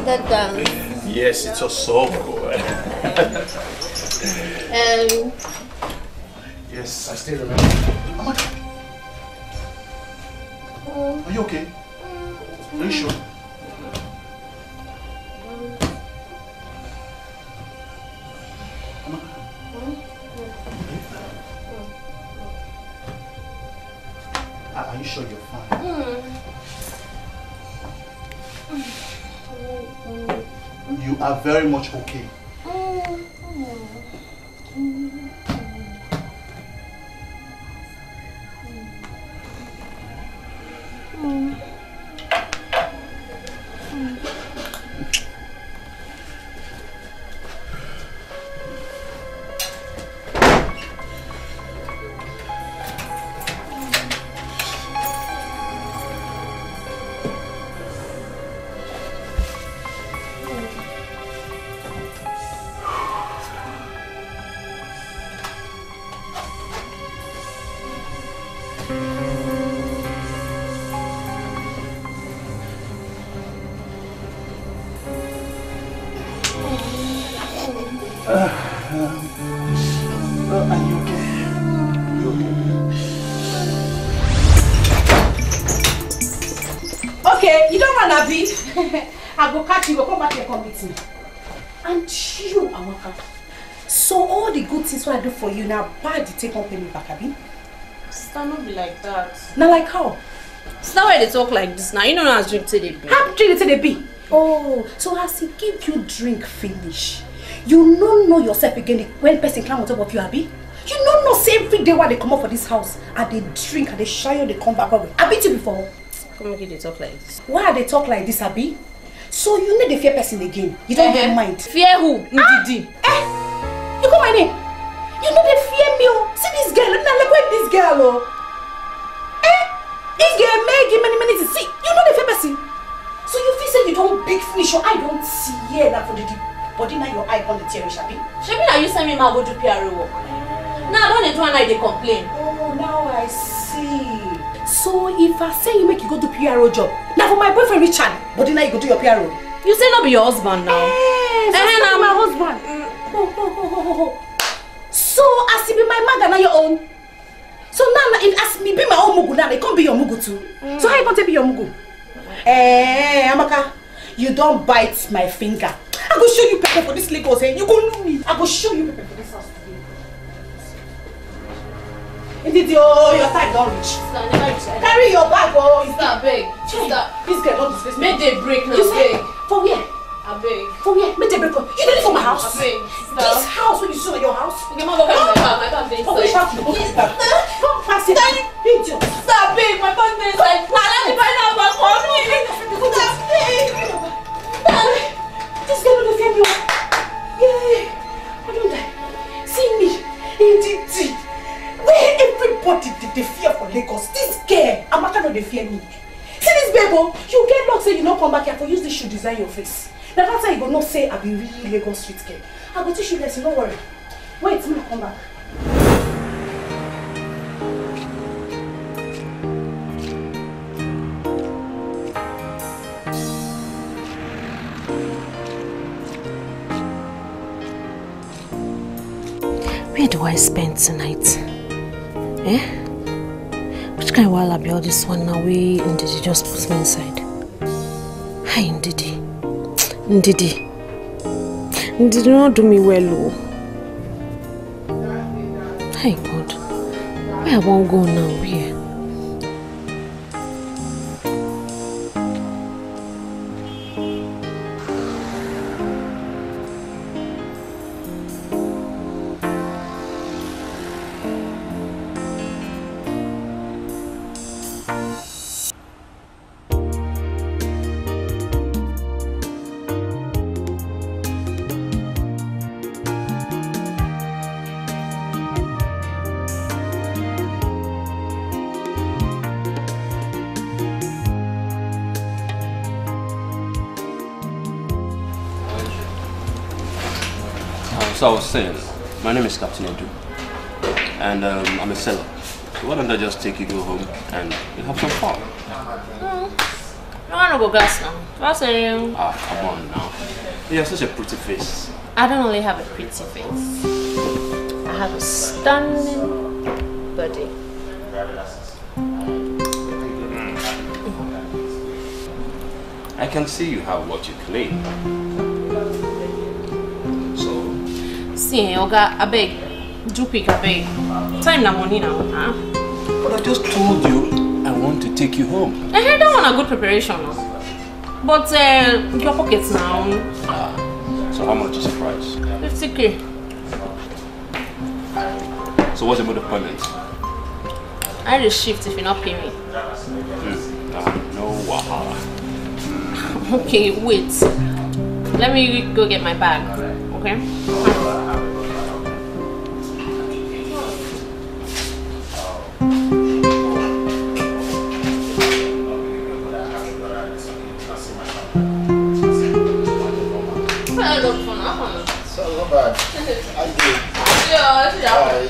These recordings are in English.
Um, yes, it's also over. and yes, I still remember. Oh my God. Are you okay? Are you sure? very much okay. Uh, are you okay? You okay? Okay, you don't run a bit. I go catch you, go come back here, come meet me. And you, Amaka. So all the good things what I do for you now, bad you take on pay me back, abi? Sister, no be like that. Now like how? It's not why they talk like this now? You know how drink till they be. How drink till they be? Oh, so as he give you drink finish, you no know yourself again when person climb on top of you Abby. you no know say every day why they come up for this house and they drink i dey shayo they come back well i beat you before. come make you talk like this. why are they talk like this Abby? so you need dey fear person again you don uh eh? -huh. mind. fear who ah! ndidi. ah eh you call my name you know they fear me oh? see this girl na like wey this girl oh? eh dis girl make many many see you know the fear person so you feel say you don't big finish your eye see here that for the deep body now your eye on the tear shabi shebi now you send me my go do PR work now don't don do and i dey complain oh now i see so if i say you make you go do PRO job Now for my boyfriend Richard body now you go to your PRO you say not be your husband now eh eh na my husband oh oh oh oh oh so as e be my maga now your own so now na if as me be my own mugu now e come be your mugu too mm. so how you want to be your mugu mm. eh amaka you don't bite my finger I go show you pepper for this Lagos, eh? You go look me. I go show you pepper for this house today. Indeed, oh, your, your time don't reach. Carry your bag, oh. Sister, abeg. Sister, please get all this place. Make they break now, abeg. For where? Abeg. For where? Make they break up. You don't need for my house. Abeg. This house, when you show your house. Okay, mama, come my bag. My bag is inside. For which house? Come pass it. Idiot. Sister, abeg. My bag is inside. Now let me find out my phone. Sister, abeg. This girl don't fear me. Yeah, I don't die. See me, ADT. Where everybody did they fear for Lagos? This girl, I'm not gonna fear me. See this baby. Oh, you get luck say you no come back here for use this shoe design your face. Now that time you go not say I be really Lagos street girl. I go teach you lesson, no worry. Wait, make I come back. I spend tonight? Eh? Which kind of while be all this one now? We Ndidi just put me inside. Hi Indeed. Indeed, you not do me well. Oh. Thank God. Where I won't go now? here. saying, my name is Captain Edu, and um, I'm a seller. So why don't I just take you go home and have some fun? Mm. I want to go gas now. What's your eh? Ah, come on now. You have such a pretty face. I don't only have a pretty face. I have a stunning body. Mm. I can see you have what you claim. See, Oga, I beg. Jupik, I beg. Time na money now, huh? But I just told you I want to take you home. I heard that one a good preparation. But uh, your pockets now. Ah, so how much is the price? 50k. So what's about the payment? I had shift if you're not paying me. Mm, no wahala. Okay, wait. Let me go get my bag, okay?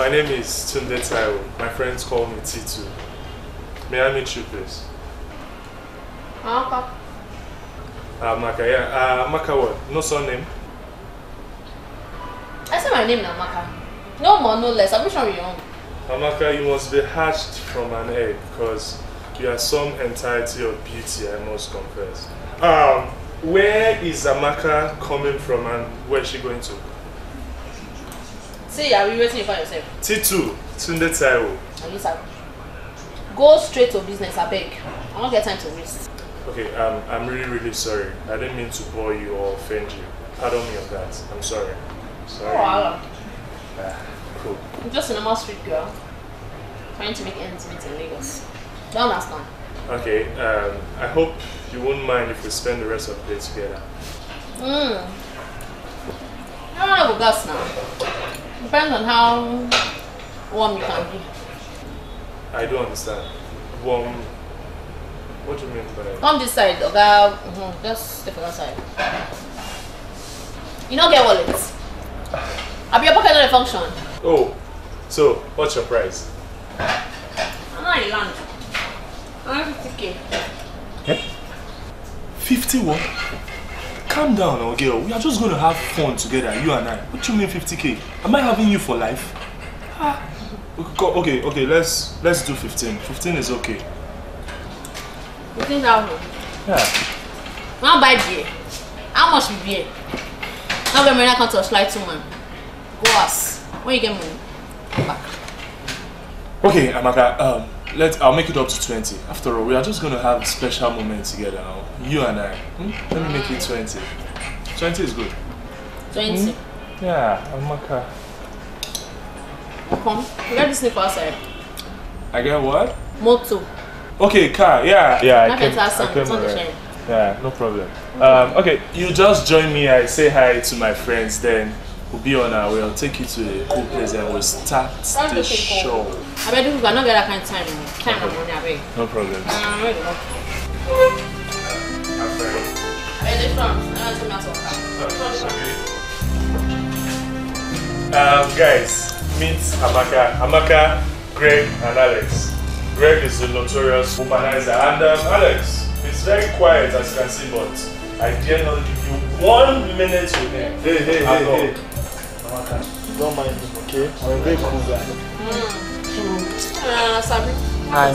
My name is Tunde Taiwo. My friends call me Titu. May I meet you, please? Amaka. Uh, ah, Amaka, yeah. Uh, ah, Amaka what? No surname? I said my name now, Amaka. No more, no less. I'm sure you're on. Amaka, ah, you must be hatched from an egg because you are some entirety of beauty, I must confess. Um, where is Amaka coming from and where is she going to? say are we you for yourself titu tunde taiwo oyisa go straight to business I beg, i don't get time to waste okay um, i'm really really sorry i didn't mean to bore you or offend you pardon me on that i'm sorry sorry oh, wow. uh, cool i'm just a normal street girl trying to make ends meet in lagos don't understand okay um, i hope you won't mind if we spend the rest of the day together Hmm. i don't know to go gas now Depends on how warm you can be. I don't understand. Warm. What do you mean by that? Come this side, Okay? Mm -hmm. Just step on that side. You don't get wallets. I'll be your pocket on not function. Oh, so what's your price? I'm not in land. I'm 50k. Eh? 51? Calm down, oh girl. We are just going to have fun together, you and I. What do you mean 50k? Am I having you for life? Ah. Okay, okay, let's let's do 15. 15 is okay. 15,000? Yeah. Now buy beer. How much will beer? Now when Marina comes to a flight to one. Go us. When you get money, come back. Okay, Amaka, um, let I'll make it up to 20. After all, we are just going to have a special moment together now. You and I. Hmm? Let me make it 20. 20 is good. 20? Hmm? Yeah, I'm okay. Come, get this sleep outside. I get what? Moto. Okay, car, yeah. Yeah, I can. I can Yeah, no problem. Um, okay, you just join me. I say hi to my friends then way. we'll take you to a cool place and we'll start the show. I bet we're not gonna have time. Time and money, No problem. Uh, I'm uh, oh, sorry. Um, guys, meet Amaka. Amaka, Greg, and Alex. Greg is the notorious womanizer, and um, Alex is very quiet as you can see, but I dare not give you one minute with him. Hey, hey, hey, hey. matter. Don't mind him, okay? I'm very cool guy. Mm. So, uh, Hi.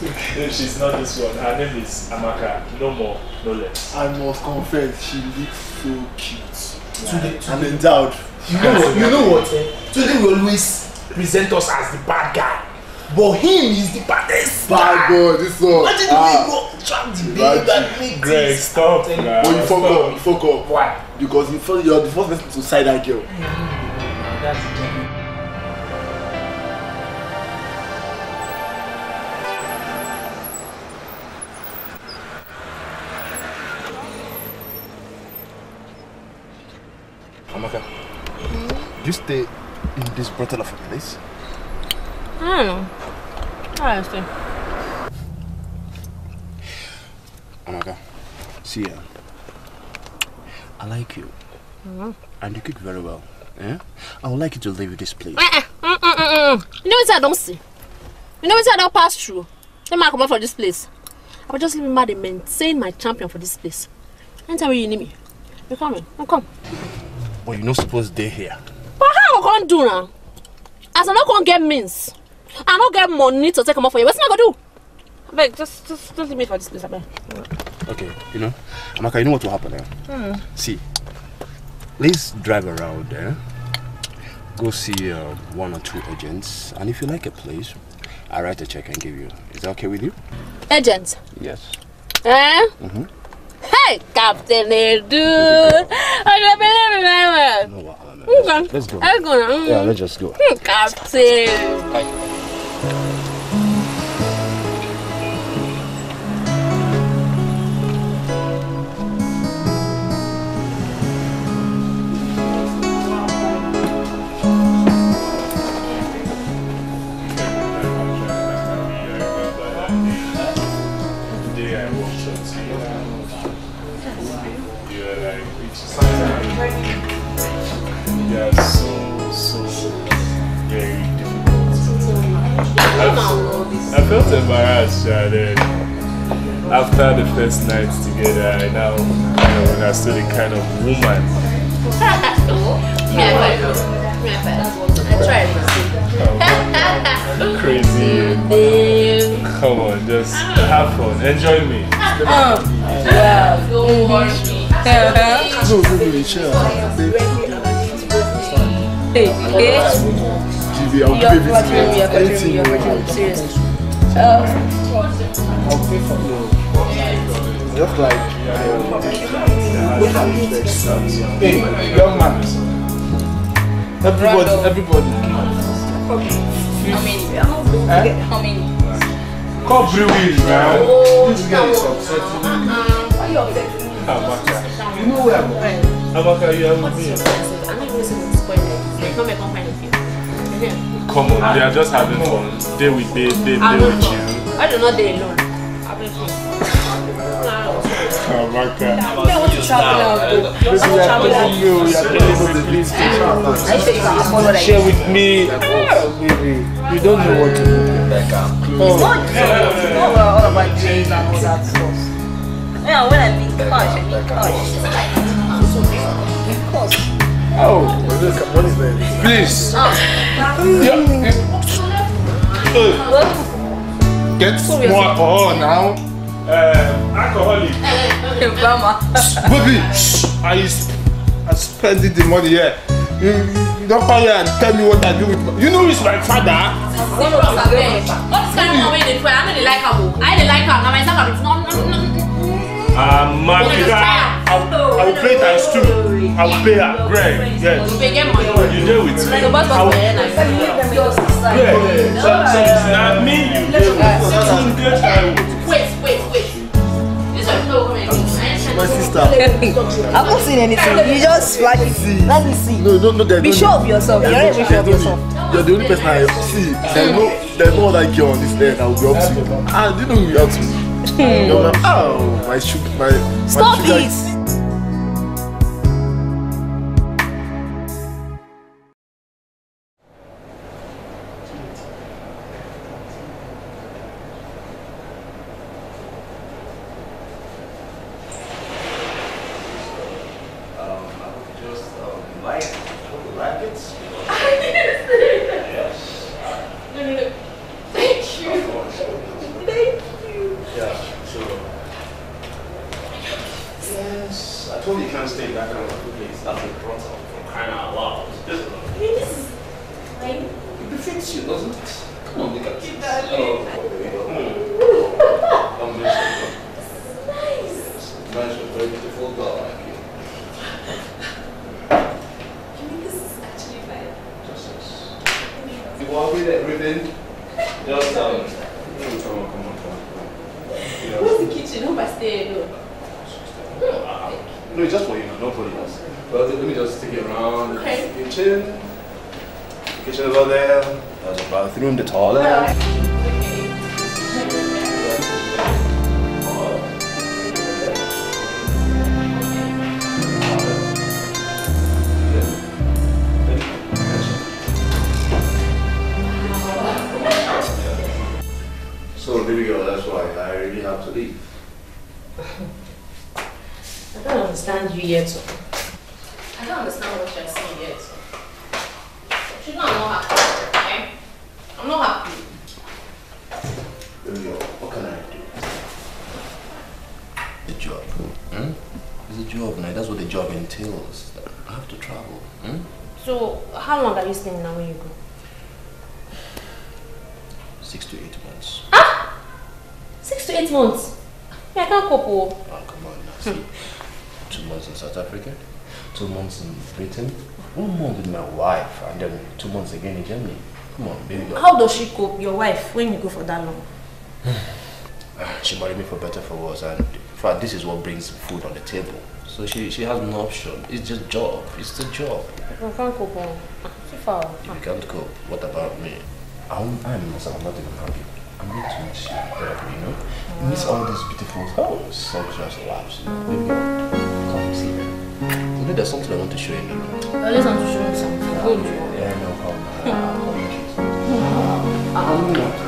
She's not this one. Her name is Amaka. No more, no less. I must confess, she looks so cute. Today, today, I'm endowed. You know, you know what? Eh? Today we always present us as the bad guy. But him is the baddest bad guy. this one. Imagine ah. the way ah. you go trap the baby that make Greg, this. stop. But oh, you fuck up, you fuck up. Why? Because you're the first person to side that girl. Mm-hmm. That's the you stay in this brothel of a place? I don't know. I stay. Oh my god. See ya. I like you. Mm And you cook very well. Yeah? I would like you to leave this place. Eh, eh, mm, mm, mm -mm you know what I don't see? You know what I don't pass through? Let me come out from this place. I will just leave mad and maintain my champion for this place. Anytime you need me, you come in. I'm come. But you're not supposed to stay here can't do now? As I gonna get means, I no get money to take them off for you. What's not gonna do? Beg, just, just don't leave me for this place, Okay, you know, Amaka, you know what will happen eh? Hmm. See, let's drive around there. Eh? Go see uh, one or two agents, and if you like a place, I'll write a check and give you. Is that okay with you? Agents? Yes. Eh? Mm -hmm. Hey, Captain Edu! I don't Okay. Let's go. Let's go. Yeah, let's just go. Hmm, Captain. still the kind of woman. I tried. Oh, crazy. Come on, just have fun. Enjoy me. Oh, wow. me. Go, Hey, okay. I'll give you everything. Anything you want. I'll pay for you. Just like hey, young man. Everybody, everybody. Okay. How many? Eh? How many? Call Brewin, man. Oh, this guy is upset. Why you upset? Abaka. You know where I'm going. Abaka, you have me. I'm not even listening to spoilers. They come come Come on, they are just having fun. Day with day, day, day with you. I do not day alone up, like uh, Não, outro chocolate. This is a person you you are dealing with this chocolate. Share with me. Oh, You don't know what to do. Oh. It's not it's all about chains and all that stuff. Yeah, when I think cash, I think cash. Of course. Oh, what is that? Please. Ah. Oh. Yeah. Uh, get more alcohol now. um, alcoholic. Eh, eh, Baby, I, I spend the money here. You, you don't come here and tell me what I do with my... You know it's my father. What is kind of way they try? I know they like her. I don't like her. Now my son is not... Ah, my I will play times two. I will pay her, Greg. Yes. You get money. You deal with me. I will... Yeah. So, so it's not me you deal with. Two days I will. my sister. I've not seen anything. You just flag it. See. Let me see. No, no, no. Be sure of yourself. You're not sure of yourself. You're the only person I see. There's no, there's no other girl on this day. I will be up to. Ah, do you know who you are to? Hmm. You're my, oh, my sugar, my, my Stop sugar. it. Where's the kitchen? Hope I stay alone. No, it's just for you, not for us. Well, let me just take it around. Okay. Kitchen. Kitchen over there. There's a bathroom, the toilet. to I don't understand you yet. I don't understand what you're saying yet. She's not not happy, okay? I'm not happy. Yo, what can I do? The job. Hmm? It's a job now. That's what the job entails. I have to travel. Hmm? So, how long are you staying now when you go? eight months. I can't cope. Oh. oh, come on See, two months in South Africa, two months in Britain, one month with my wife, and then two months again in Germany. Come on, baby girl. How does she cope, your wife, when you go for that long? she married me for better, for worse, and in fact, this is what brings food on the table. So she, she has no option. It's just job. It's the job. I can't cope. Oh. If you can't cope, what about me? I'm, I'm, I'm not even happy going to miss you know. Wow. Meets all these beautiful oh, sumptuous labs, you know. come see her. You know, there's something I want to show you I just want to show you something. Yeah, no, problem. I'll come. I'll come.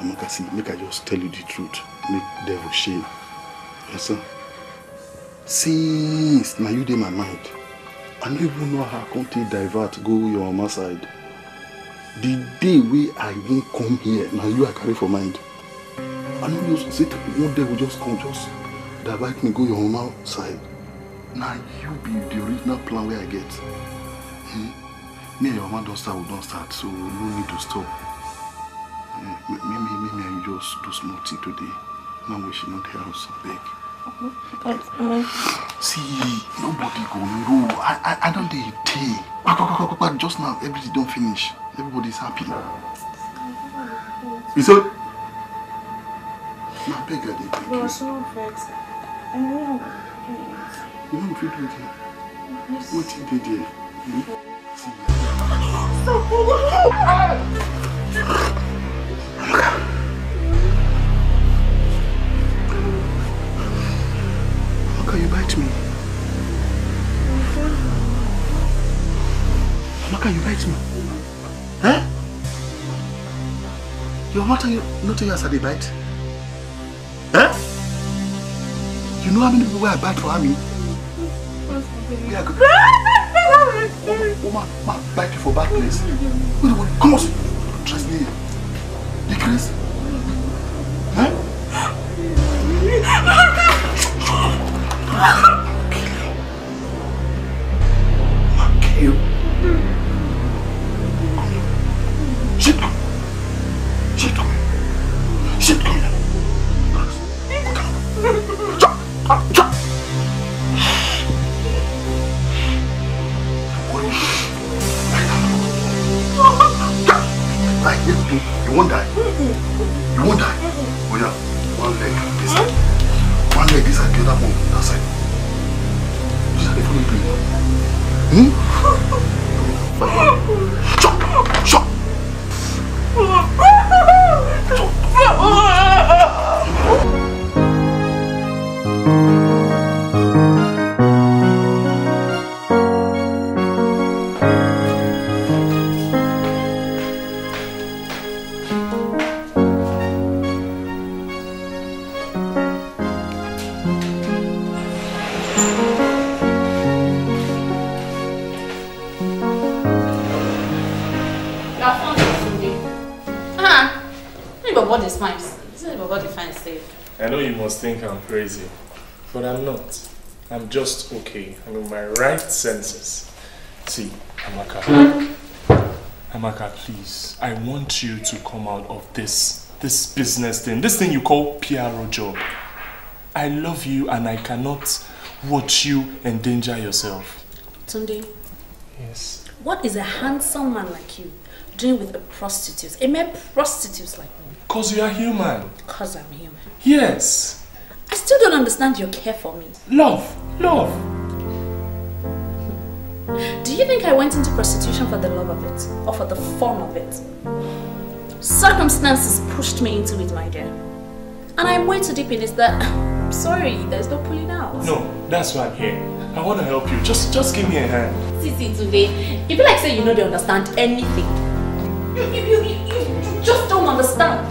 Amaka, see, make I just tell you the truth. Make devil shame. Yes, sir. Since now you dey my mind, I no even know how I come take divert go your mama side. The day we I won't come here, now you are carry for mind. I know you say one day devil just come, just divert me go your mama side. Now you be the original plan where I get. Hmm? Me and your mama don't start, we don't start, so no need to stop. Maybe, maybe I just do small tea today. Now we should not hear us beg. See, nobody go know. I, I, I don't dey dey. Just now, everything don't finish. Everybody's happy. You said? "My beg her, they beg you. no vex. I know. You know if you do it here. Yes. What you did here? Hmm? See. Stop. can you bite me? Eh? Your mother not only has a bite. Eh? You know how many people were I bite for me? Yeah, good. Oh, ma, ma, bite you for bad place. Come on, trust me. The grace. Eh? must think I'm crazy, but I'm not. I'm just okay. I'm in my right senses. See, Amaka. Amaka, please. I want you to come out of this, this business thing, this thing you call PRO job. I love you and I cannot watch you endanger yourself. Tunde. Yes. What is a handsome man like you doing with a prostitute, a mere prostitute like me? Because you are human. Because I'm human. Yes. I still don't understand your care for me. Love, love. Do you think I went into prostitution for the love of it or for the fun of it? Circumstances pushed me into it, my dear. And I'm way too deep in this that I'm sorry, there's no pulling out. No, that's why I'm here. I want to help you. Just just give me a hand. See, see, today, you feel like say you know they understand anything. You, you, you, you, you just don't understand.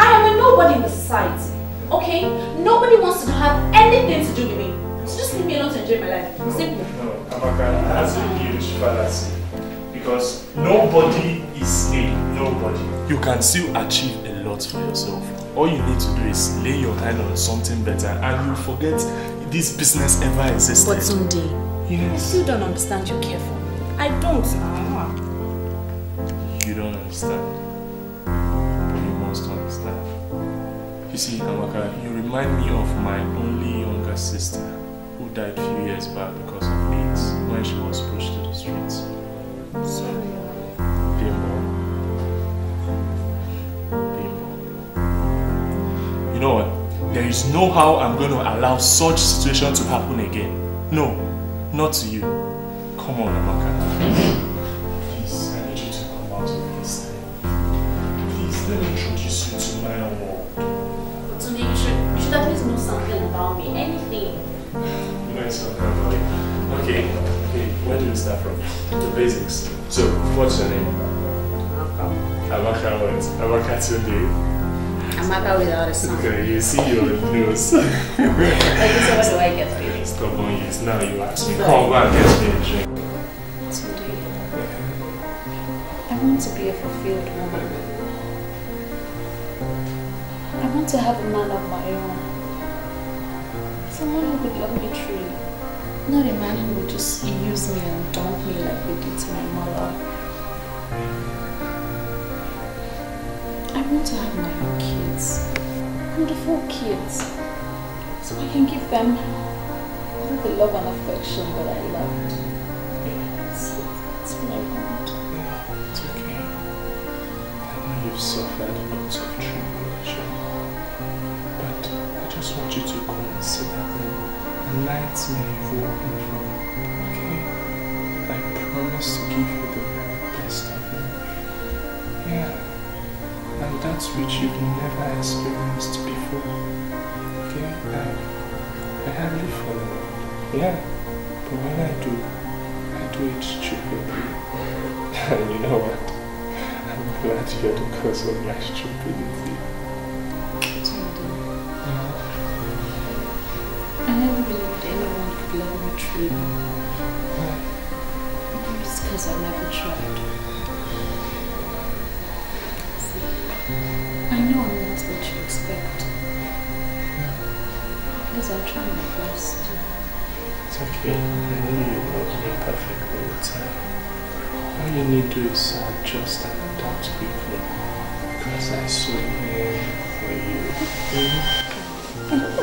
I am a nobody in the society okay? Nobody wants to have anything to do with me. So just leave me alone to enjoy my life. No, Simple. No, Amaka, that's a huge fallacy. Because nobody is a nobody. You can still achieve a lot for yourself. All you need to do is lay your hand on something better and you forget this business ever existed. But someday, yes. I still don't understand you care for me. I don't. Uh ah. -huh. You don't understand. see, Amaka, you remind me of my only younger sister who died a few years back because of AIDS when she was pushed to the streets. So, Bimbo. Bimbo. You know what? There is no how I'm going to allow such situation to happen again. No, not to you. Come on, Amaka. didn't from the basics. So, what's your name? Amaka. Amaka what? Amaka Tunde. Amaka without a son. Okay, you see your nose. okay, so what do I get for you? Stop on you. Now you ask me. Come back, get me a drink. I want to be a fulfilled woman. I want to have a man of my own. Someone who could love me truly. Not a man who would just use me and dump me like they did to my mother. I want to have my own kids. Wonderful kids. So I can give them all the love and affection that I loved. It's that's what it's okay. I know you've suffered lots of tribulation. But I just want you to consider them lights may have from. Okay? I promise to give you the very best of me. Yeah. And that's which you've never experienced before. Okay? I, I hardly follow. Yeah. But when I do, I do it stupidly. and you know what? I'm glad you're the cause of my stupidity. blood retrieval. Maybe it's because I never tried. See, I know I'm not what you expect. Because I'll try my best. It's okay. I know you're not be perfect all the time. All you need to do is adjust and adapt quickly. Because I swear for you. Mm -hmm.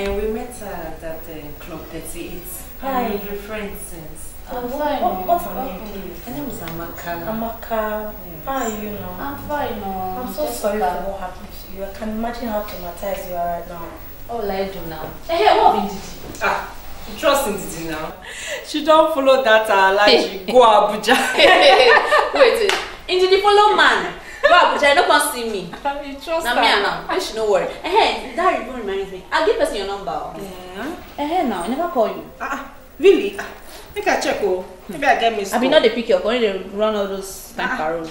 Uh, we met at that uh, club that it's Hi. Um, friends since. Oh, I'm fine. What, what's her name, please? name is Amaka. Amaka. Yes. How are you now? I'm fine. No. I'm so sorry for what happened to you. I can imagine how traumatized you are right now. What oh, will I do now? Hey, eh, what have you did? Ah. Trust in Didi now. She don't follow that uh, like she go Abuja. wait, wait. Indidi follow man. go Abuja, no come see me. You trust now, her. me now. I should not worry. Eh, that even reminds me. I'll give person your number. Yeah. Eh, now I never call you. Ah, ah. really? Ah, make I check oh. Hmm. Maybe I get missed. I mean, not the pick your call. They run all those time ah, parole.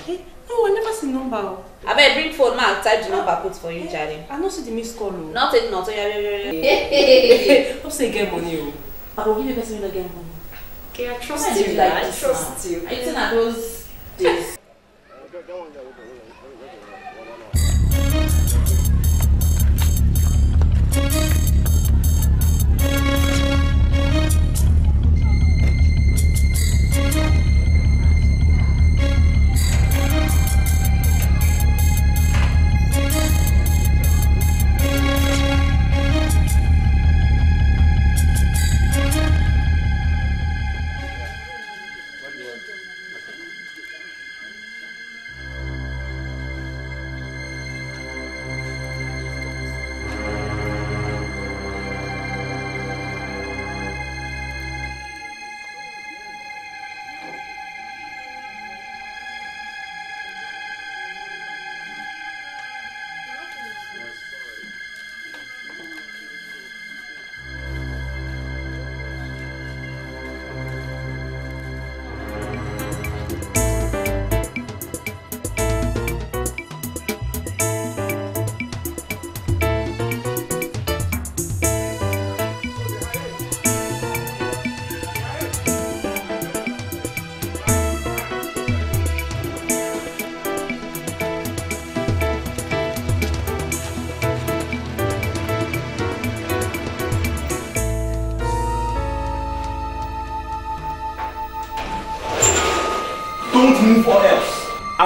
No, I never see number oh. I bet bring phone man type the number put for you, Charlie. I not see the missed call oh. Not it, not it. Hope say get money oh. I will give you person who get money. Okay, I trust you. I trust you. I think that those days. That one, that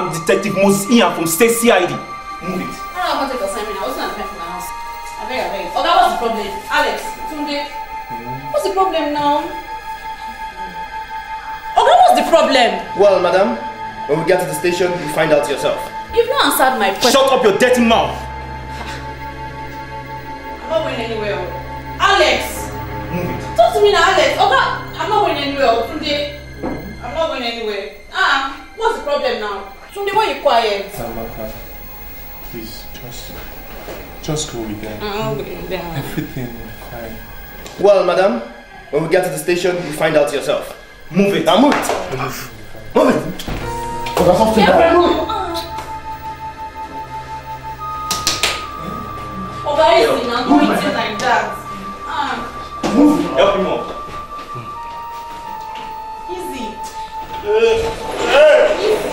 I'm Detective Moses from State CID. Move it. I don't want to take assignment. I wasn't at the my house. I beg, I beg. Oh, that was the problem. Alex, Tunde. Mm. What's the problem now? Oh, what was the problem? Well, madam, when we get to the station, you find out yourself. You've not answered my question. Shut up your dirty mouth. I'm not going anywhere. Alex! Move it. Talk to me now, Alex. Oh, that, I'm not going anywhere. Tunde. I'm not going anywhere. Ah, -uh. what's the problem now? Sunday, why are you quiet? Samaka, please, just, just go with them. okay, Everything will fine. Well, madam, when we get to the station, you find out yourself. Move it. Now move it. Move it. Move it. move it. Oh, it. I'm going to like that. Uh. Move. Help him up. Easy. Uh, uh. Easy.